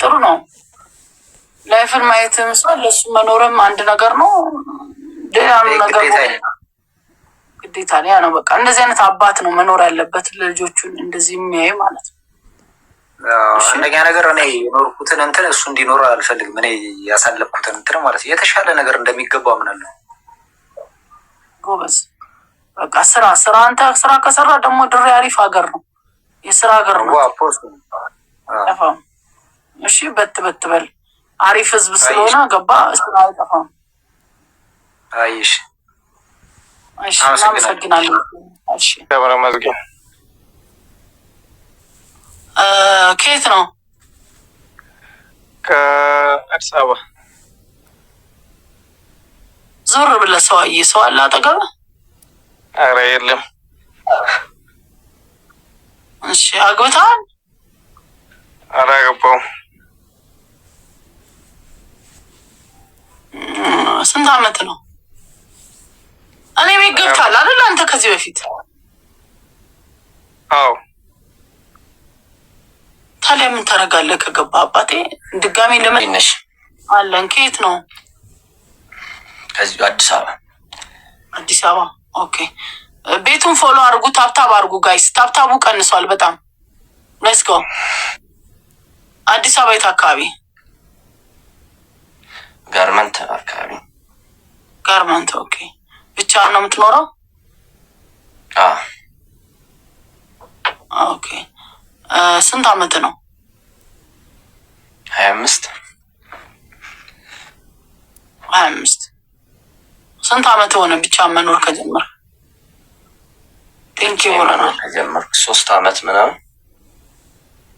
ጥሩ ነው። ላይፍን ማየት ምስል ለሱ መኖርም አንድ ነገር ነው። ሌላም ነገር ግዴታ ያ ነው። በቃ እንደዚህ አይነት አባት ነው መኖር ያለበት ለልጆቹን እንደዚህ የሚያይ ማለት ነው። አንደኛ ነገር እኔ የኖርኩትን እንትን እሱ እንዲኖር አልፈልግም። እኔ ያሳለፍኩትን እንትን ማለት የተሻለ ነገር እንደሚገባ ምናለው ጎበዝ። በቃ ስራ ስራ አንተ ስራ ከሰራ ደግሞ ድሬ አሪፍ ሀገር ነው። የስራ ሀገር ነው። አይጠፋም። እሺ በት በት በል አሪፍ ህዝብ ስለሆነ ገባ ስራ አይጠፋም። አይሽ ከየት ነው? ከአዲስ አበባ። ዞር ብለህ ሰው አየህ? ሰው አለ የለም። እሺ አግብተሃል? አላገባውም። ስንት አመት ነው? እኔ ቤት ገብቷል አይደል? አንተ ከዚህ በፊት አዎ። ታዲያ ምን ታደርጋለህ? ከገባ አባቴ ድጋሜ ለመነሽ አለን። ከየት ነው? ከዚሁ አዲስ አበባ። አዲስ አበባ ኦኬ። ቤቱን ፎሎ አድርጉ፣ ታብታብ አድርጉ ጋይስ። ታብታቡ ቀንሷል በጣም መስገው አዲስ አበባ የት አካባቢ? ጋርመንት አካባቢ። ጋርመንት። ኦኬ። ብቻ ነው የምትኖረው? ኦኬ። ስንት አመት ነው? ሀያ አምስት ሀያ አምስት ስንት አመት ሆነ ብቻ መኖር ከጀመርክ? ቴንኪ ሆነ ከጀመር ሶስት አመት ምናምን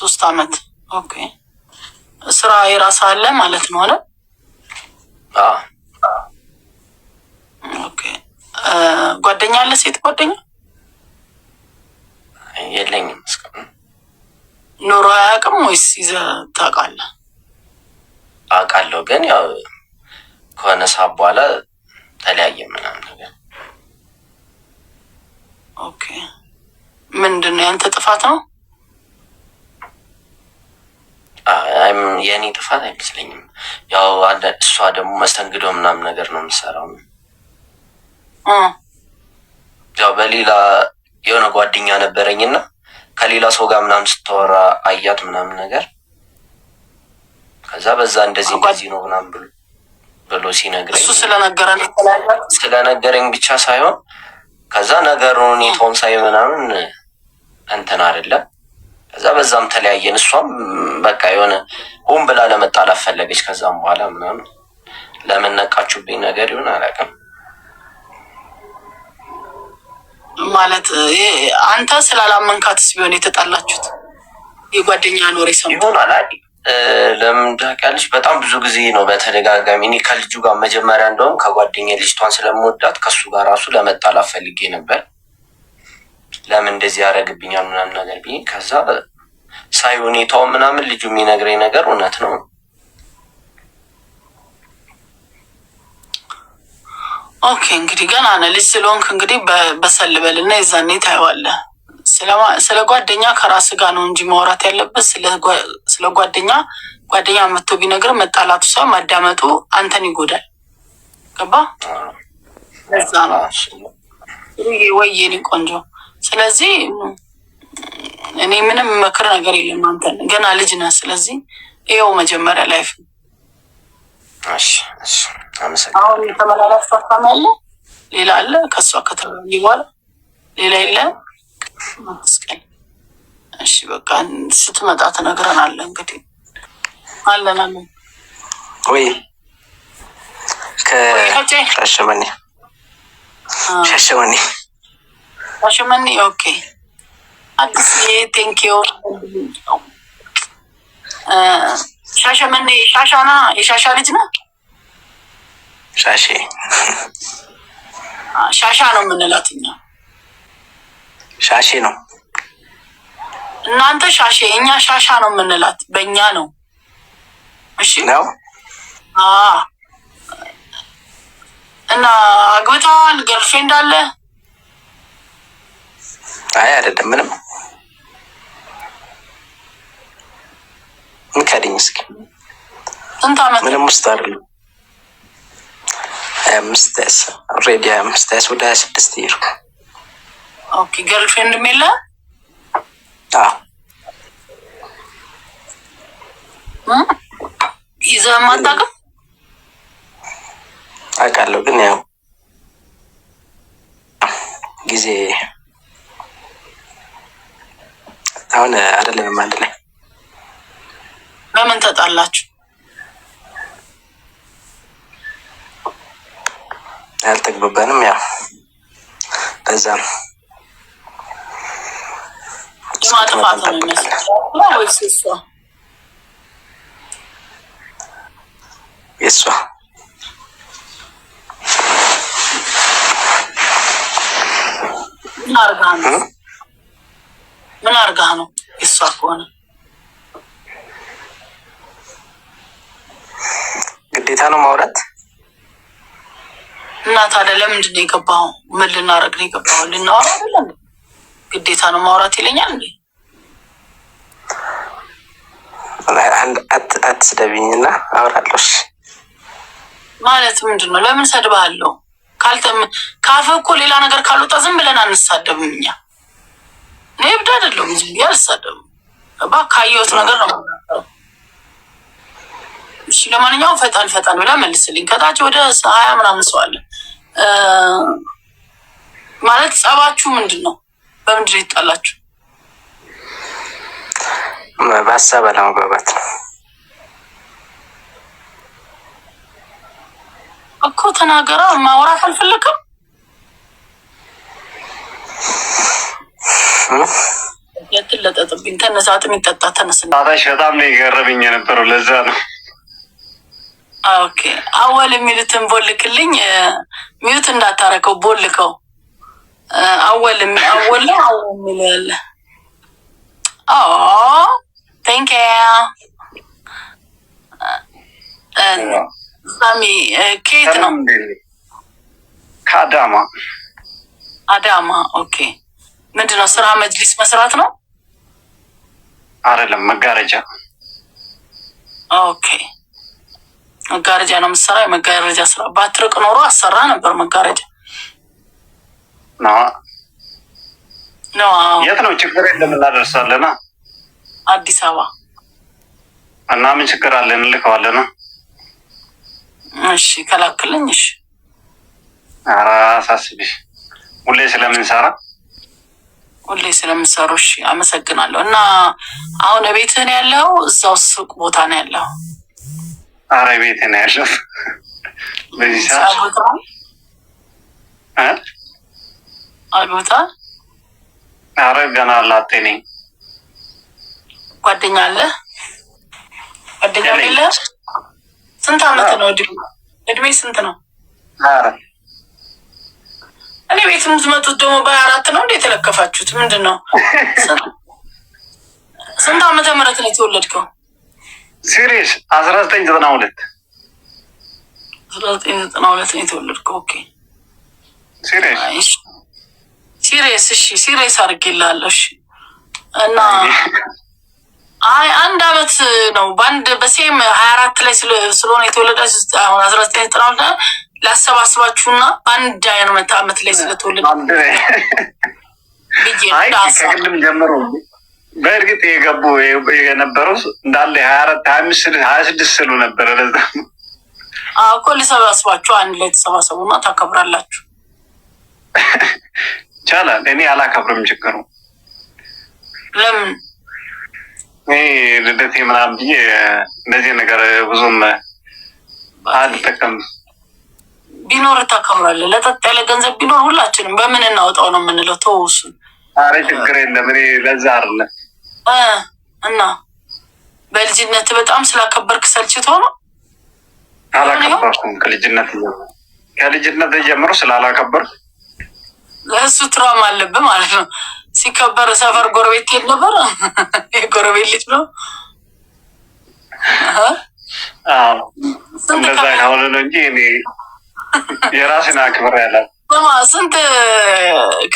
ሶስት አመት ኦኬ ስራ የራስ አለ ማለት ነው አለ። ኦኬ ጓደኛ አለ ሴት ጓደኛ የለኝም። እስካሁን ኖሮ አያውቅም ወይስ ይዘህ ታውቃለህ? አውቃለሁ ግን ያው ከሆነ ሰዓት በኋላ ተለያየ ምናምን ነገር። ኦኬ ምንድን ነው ያንተ ጥፋት ነው? የእኔ ጥፋት አይመስለኝም። ያው እሷ ደግሞ መስተንግዶ ምናምን ነገር ነው የምሰራው። ያው በሌላ የሆነ ጓደኛ ነበረኝና ከሌላ ሰው ጋር ምናምን ስታወራ አያት ምናምን ነገር ከዛ በዛ እንደዚህ እንደዚህ ነው ምናምን ብሎ ብሎ ሲነግረኝ እሱ ስለነገረኝ ብቻ ሳይሆን ከዛ ነገሩን ኔቶን ሳይ ምናምን እንትን አይደለም ከዛ በዛም ተለያየን። እሷም በቃ የሆነ ሆን ብላ ለመጣላት ፈለገች። ከዛም በኋላ ምናምን ለምን ነቃችሁብኝ ነገር ይሆን አላውቅም። ማለት አንተ ስላላመንካትስ ቢሆን የተጣላችሁት የጓደኛ ኖሬ ሰው ይሆናል አይደል? ለምን ታውቂያለሽ? በጣም ብዙ ጊዜ ነው በተደጋጋሚ እኔ ከልጁ ጋር መጀመሪያ እንደውም ከጓደኛ ልጅቷን ስለምወዳት ከሱ ጋር ራሱ ለመጣላት ፈልጌ ነበር ለምን እንደዚህ ያደረግብኛል ምናምን ነገር ብዬ ከዛ ሳይ ሁኔታው ምናምን ልጁ የሚነግረኝ ነገር እውነት ነው። ኦኬ እንግዲህ ገና ነህ ልጅ ስለሆንክ እንግዲህ በሰልበል እና የዛኔ ታየዋለህ። ስለ ጓደኛ ከራስ ጋር ነው እንጂ ማውራት ያለበት ስለ ጓደኛ ጓደኛ መጥቶ ቢነግር መጣላቱ ሰው ማዳመጡ አንተን ይጎዳል። ገባ? ለዛ ነው ወይ የኔ ቆንጆ ስለዚህ እኔ ምንም መክር ነገር የለም። አንተ ገና ልጅ ነህ። ስለዚህ ይኸው መጀመሪያ ላይፍ አሁን የተመላላችሁ አካም ያለ ሌላ አለ ከሷ ከተለያዩ በኋላ ሌላ የለ መስቀል። እሺ በቃ ስትመጣ ትነግረናለህ። እንግዲህ አለን አለን ወይ ከሻሸመኔ ሻሸመኔ ሻሸመኔ ኦኬ። አዲስ ቴንኪዮ ሻሸመኔ ሻሻና የሻሻ ልጅ ነው። ሻሼ ሻሻ ነው የምንላት እኛ ሻሼ ነው። እናንተ ሻሼ፣ እኛ ሻሻ ነው የምንላት በእኛ ነው። እሺ ነው እና አግብተዋል። ገርልፍሬንድ እንዳለ አይ አይደለም፣ ምንም ምከድኝ እስኪ። ምንም ውስጥ አይደለም። ሀያ አምስት ኦልሬዲ ሀያ አምስት ወደ ሀያ ስድስት ይሄድኩ። ኦኬ ገርልፍሬንድ የለ ይዘህ የማታውቅም? አውቃለሁ ግን ያው ጊዜ አሁን አይደለንም አንድ ላይ። በምን ተጣላችሁ? አልተግባባንም። ያው በዛ ነው ነው ይመስል የእሷ አርጋ ነው አርጋ ነው የእሷ ከሆነ ግዴታ ነው ማውራት እና ታዲያ ለምንድን ነው የገባው? ምን ልናረግ ነው የገባው? ልናወራ አይደለም ግዴታ ነው ማውራት ይለኛል እንዴ? አትስደብኝ እና አውራለሽ ማለት ምንድን ነው? ለምን ሰድባለሁ? ካልተም ካፈ እኮ ሌላ ነገር ካልወጣ ዝም ብለን አንሳደብም እኛ። እኔ እብድ አይደለሁም። ዝም ብዬ አልሳደብም። ካየሁት ነገር ነው። እሺ፣ ለማንኛውም ፈጣን ፈጣን ብላ መልስልኝ። ከታች ወደ ሀያ ምናምን ሰው አለ። ማለት ጸባችሁ ምንድን ነው? በምንድን ነው ይጣላችሁ? በሀሳብ አለመግባባት ነው እኮ። ተናገረ። ማውራት አልፈለግም የትን ለጠጥብኝ ተነሳ፣ አጥም ይጠጣ ተነስ። ታታሽ በጣም ነው የገረመኝ የነበረው ለዛ ነው። ኦኬ አወል የሚሉትን ቦልክልኝ፣ ሚዩት እንዳታረከው ቦልከው። አወል አወል የሚል ያለ ቴንክ ሳሚ ኬት ነው ከአዳማ አዳማ። ኦኬ ምንድነው? ስራ መጅሊስ መስራት ነው አይደለም? መጋረጃ። ኦኬ፣ መጋረጃ ነው የምትሰራ። የመጋረጃ ስራ ባትርቅ ኖሮ አሰራ ነበር። መጋረጃ የት ነው? ችግር የለም እናደርሳለና። አዲስ አበባ እና ምን ችግር አለ? እንልከዋለና። እሺ ከላክልኝ። እሺ። ኧረ አሳስቢሽ ሁሌ ስለምንሰራ ሁሌ ስለምሰሩ አመሰግናለሁ። እና አሁን ቤትህን ያለው እዛው ሱቅ ቦታ ነው ያለው? አረ ቤት ነው ያለው በዚህ ሰዓት አልቦታ። አረ ገና ላጤ ነኝ። ጓደኛ አለ? ጓደኛ የለ? ስንት አመት ነው እድሜ? ስንት ነው? አረ እኔ ቤት የምትመጡት ደግሞ በአራት ነው እንዴ የተለከፋችሁት? ምንድን ነው? ስንት ዓመተ ምህረት ነው የተወለድከው? ሲሪስ አስራ ዘጠኝ ዘጠና ሁለት አስራ ዘጠኝ ዘጠና ሁለት ነው የተወለድከው። ኦኬ ሲሪስ ሲሪስ እሺ፣ ሲሪስ አድርጌልሃለሁ። እና አይ አንድ አመት ነው በአንድ በሴም ሀያ አራት ላይ ስለሆነ የተወለደ አሁን አስራ ዘጠኝ ዘጠና ሁለት ላሰባስባችሁና በአንድ አይነት አመት ላይ ስለተወለድ ጀምሮ በእርግጥ የገቡ የነበረው እንዳለ ሀያ አራት ሀያ አምስት ሀያ ስድስት ስሉ ነበረ። ለዛ እኮ ልሰባስባችሁ አንድ ላይ ተሰባሰቡና ታከብራላችሁ። ይቻላል። እኔ አላከብርም። ችግሩ ለምን ልደቴ ምናምን ብዬ እንደዚህ ነገር ብዙም አልጠቀምም። ቢኖር ታከብራለህ። ለጠጥ ያለ ገንዘብ ቢኖር ሁላችንም በምን እናወጣው ነው የምንለው። ተወው አሬ ችግር የለም እኔ ለዛ አለ እና በልጅነት በጣም ስላከበርክ ሰልችቶ ነው። አላከበርኩም ከልጅነት ከልጅነት ጀምሮ ስላላከበርኩ ለእሱ ትራም አለብህ ማለት ነው። ሲከበር ሰፈር ጎረቤት ትሄድ ነበር። የጎረቤት ልጅ ነው ስንት ከሆነ ነው እንጂ የራሴን አክብር ያለ ስንት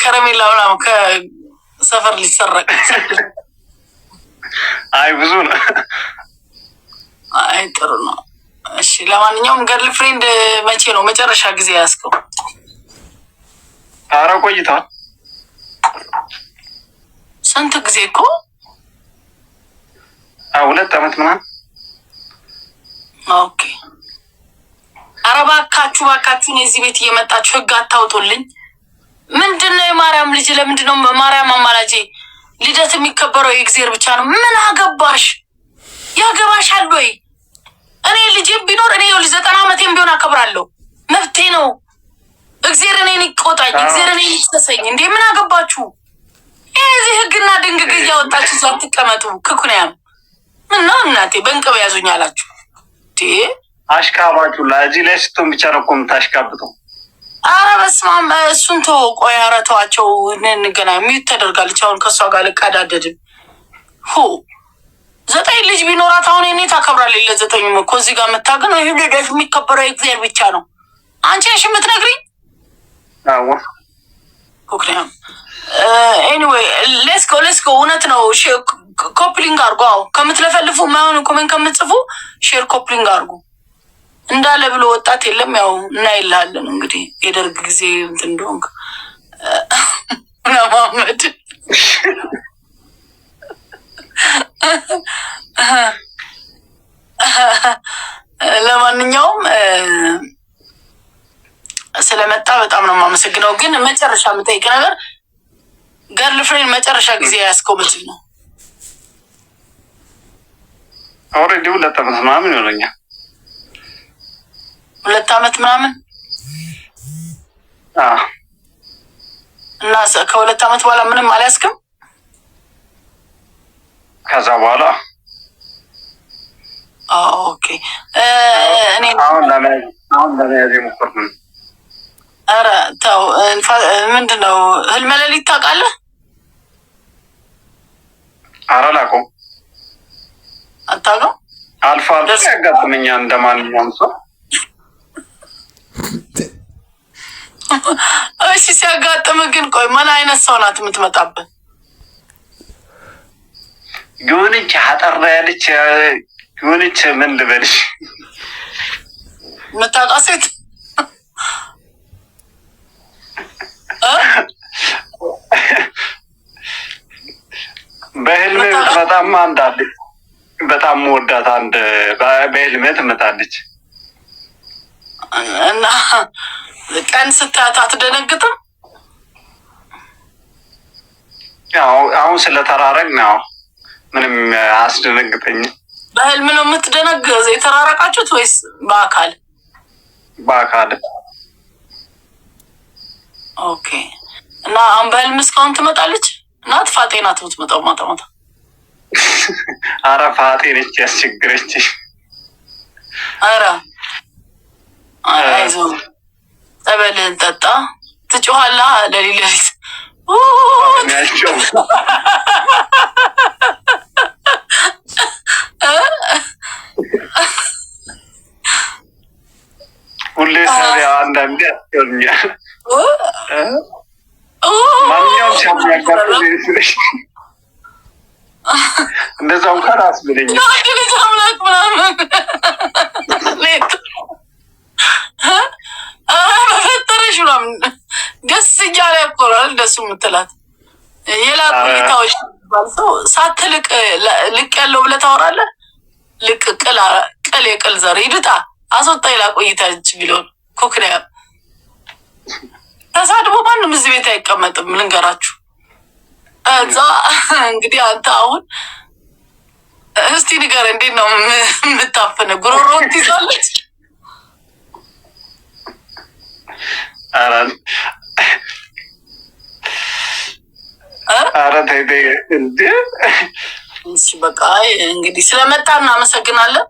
ከረሜላ ምናምን ከሰፈር ሊሰረቅ አይ ብዙ ነው። አይ ጥሩ ነው። እሺ ለማንኛውም ገርል ፍሬንድ መቼ ነው መጨረሻ ጊዜ ያስከው? ኧረ ቆይቷል። ስንት ጊዜ እኮ ሁለት አመት ምናምን። ኦኬ አረባ እባካችሁ እባካችሁን የዚህ ቤት እየመጣችሁ ህግ አታውጡልኝ። ምንድን ነው የማርያም ልጅ? ለምንድን ነው ማርያም አማላጄ ልደት የሚከበረው የእግዜር ብቻ ነው? ምን አገባሽ? ያገባሻል ወይ? እኔ ልጅ ቢኖር እኔ ልጅ ዘጠና ዓመቴም ቢሆን አከብራለሁ፣ መብቴ ነው። እግዜር እኔን ይቆጣኝ፣ እግዜር እኔን ይሰሰኝ። እንዴ ምን አገባችሁ? የዚህ ህግና ድንግግ እያወጣችሁ እዛ አትቀመጡ። ክኩንያም ምነው እናቴ በእንቅብ ያዙኝ አላችሁ። አሽካባችሁ ላ እዚህ ላይ ስትሆን ብቻ ነው እኮ የምታሽካብተው። አረ በስመ አብ እሱን ተወው። ቆይ ኧረ ተዋቸው፣ እንገናኝ። ሚዩት ተደርጋለች። አሁን ከእሷ ጋር ልቀዳደድም ሁ ዘጠኝ ልጅ ቢኖራት አሁን እኔ ታከብራለች። ለዘጠኙም እኮ እዚህ ጋር መታገን ይህ ልደት የሚከበረው የእግዚአብሔር ብቻ ነው። አንቺ ነሽ የምትነግሪኝ። ምክንያቱም ኤኒዌይ ጎ ሌስኮ ጎ እውነት ነው። ሼር ኮፕሊንግ አድርጎ ከምትለፈልፉ ማይሆን ኮሜንት ከምትጽፉ ሼር ኮፕሊንግ አድርጉ። እንዳለ ብሎ ወጣት የለም። ያው እናይልሃለን እንግዲህ የደርግ ጊዜ እንትን እንደሆንክ ለማመድ ለማንኛውም ስለመጣ በጣም ነው የማመሰግነው። ግን መጨረሻ የምጠይቅ ነገር ገርል ፍሬን መጨረሻ ጊዜ ያስከው መቼ ነው? ኦልሬዲ ሁለት ዓመት ምናምን ይሆነኛል። ሁለት አመት ምናምን እና ከሁለት አመት በኋላ ምንም አልያዝክም። ከዛ በኋላ ኦኬ እኔ አሁን ለመያዝ የሞከርኩ ኧረ ተው። ምንድን ነው ህልመ ሌሊት ታውቃለህ? ኧረ አላውቀውም። አታውቀውም? አልፎ አልፎ ያጋጥመኛል እንደማንኛውም ሰው እሺ ሲያጋጥም ግን ቆይ ምን አይነት ሰው ናት የምትመጣብን? የሆነች አጠራ ያለች የሆነች ምን ልበልሽ የምታውቃት ሴት በህልሜ በጣም አንድ አለች፣ በጣም ወዳት አንድ በህልሜ ትመጣለች። እና ቀን ስታያት አትደነግጥም? አሁን ስለተራረቅን ያው ምንም አስደነግጠኝም። በህልም ነው የምትደነግ የተራረቃችሁት ወይስ በአካል? በአካል ኦኬ። እና አሁን በህልም እስካሁን ትመጣለች? ናት ፋጤ ናት የምትመጣው ማታ ማታ? አረ ፋጤ ነች ያስቸግረች። አረ አይዞህ ጠበል ጠጣ። ትጮኋለህ ለሊት ለሊት ሁሌ ሳቢያ አንዳንዴ ያስቸውኛል። ማንኛውም ሰሚያጋ እንደዛ እንኳን አስብለኛል የምትላት የላቁ ሁኔታዎች ባል ሰው ሳትልቅ ልቅ ያለው ብለህ ታወራለህ። ልቅ ቅል ቅል የቅል ዘር ይድጣ አስወጣ ይላ ይላቆይታች ቢለውን ኩክንያ ተሳድቦ ማንም እዚህ ቤት አይቀመጥም። ልንገራችሁ እዛ እንግዲህ አንተ አሁን እስቲ ንገር፣ እንዴት ነው የምታፍነ? ጉሮሮን ትይዛለች። ኧረ ተይ ተይ በቃ እንግዲህ ስለመጣ እናመሰግናለን።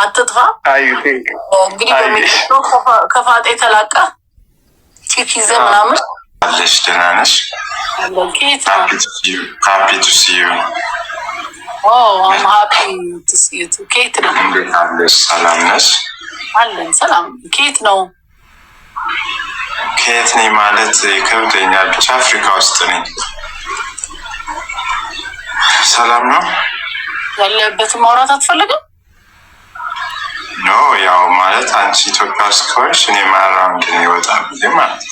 አትጥፋ እንግዲህ ከፋጤ ተላቀ ምናምን አለሽ። ደህና ነሽ? ሀፒ ቱ ሲ ዩ ነው? ሰላም ነሽ? አለን ሰላም። ነው? ነኝ ማለት ይከብደኛል። ብቻ አፍሪካ ውስጥ ነኝ። ሰላም ነው። ያለበት ማውራት አትፈልግም? ኖ ያው ማለት አንቺ ኢትዮጵያ እስከሆንሽ እኔ ማራንድ ይወጣ ብዬ ማለት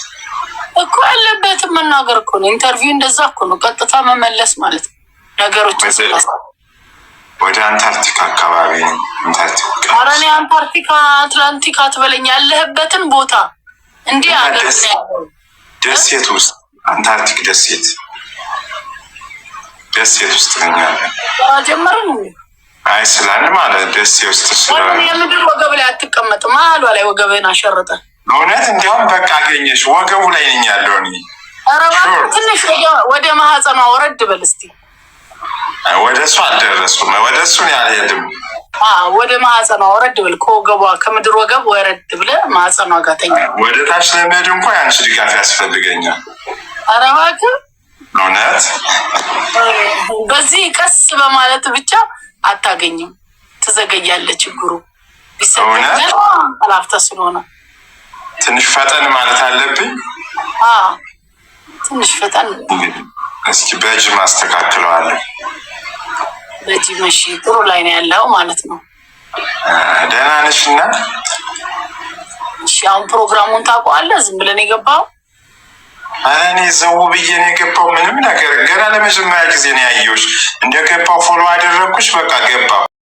እኮ ያለበት መናገር እኮ ነው። ኢንተርቪው እንደዛ እኮ ነው፣ ቀጥታ መመለስ ማለት ነው። ነገሮች ወደ አንታርክቲካ አካባቢ አንታርክቲካ፣ ኧረ እኔ አንታርክቲካ አትላንቲክ አትበለኝ። ያለህበትን ቦታ እንዲህ አገር ደሴት ውስጥ አንታርክቲክ ደሴት ደሴት ውስጥ ነኛለን ጀመርን አይስላል ማለት ደሴ ውስጥ ስለምድር ወገብ ላይ አትቀመጥ፣ መሀሏ ላይ ወገብህን አሸርጠ እውነት እንዲያውም በቃ አገኘሽ። ወገቡ ላይ ነኝ ያለው ትንሽ ወደ ማህፀኗ ወረድ በል እስኪ። ወደ እሱ አልደረሱም። ወደ እሱን ያልሄድም ወደ ማህፀኗ ወረድ ብል ከወገቧ ከምድር ወገብ ወረድ ብለ ማህፀኗ ጋተኛ ወደ ታች ለመሄድ እንኳ የአንቺ ድጋፍ ያስፈልገኛል። ኧረ እባክህ እውነት በዚህ ቀስ በማለት ብቻ አታገኝም። ትዘገያለች። ችግሩ ቢሰጠኛል ጠላፍተ ስለሆነ ትንሽ ፈጠን ማለት አለብኝ። ትንሽ ፈጠን እስኪ በእጅ ማስተካክለዋለሁ። በእጅ መሺ ጥሩ ላይ ነው ያለው ማለት ነው። ደህና ነሽ እና አሁን ፕሮግራሙን ታውቀዋለህ። ዝም ብለን የገባው አረ እኔ ዘው ብዬ ነው የገባው። ምንም ነገር ገና ለመጀመሪያ ጊዜ ነው ያየሁሽ። እንደገባው ፎሎ አደረግኩሽ። በቃ ገባ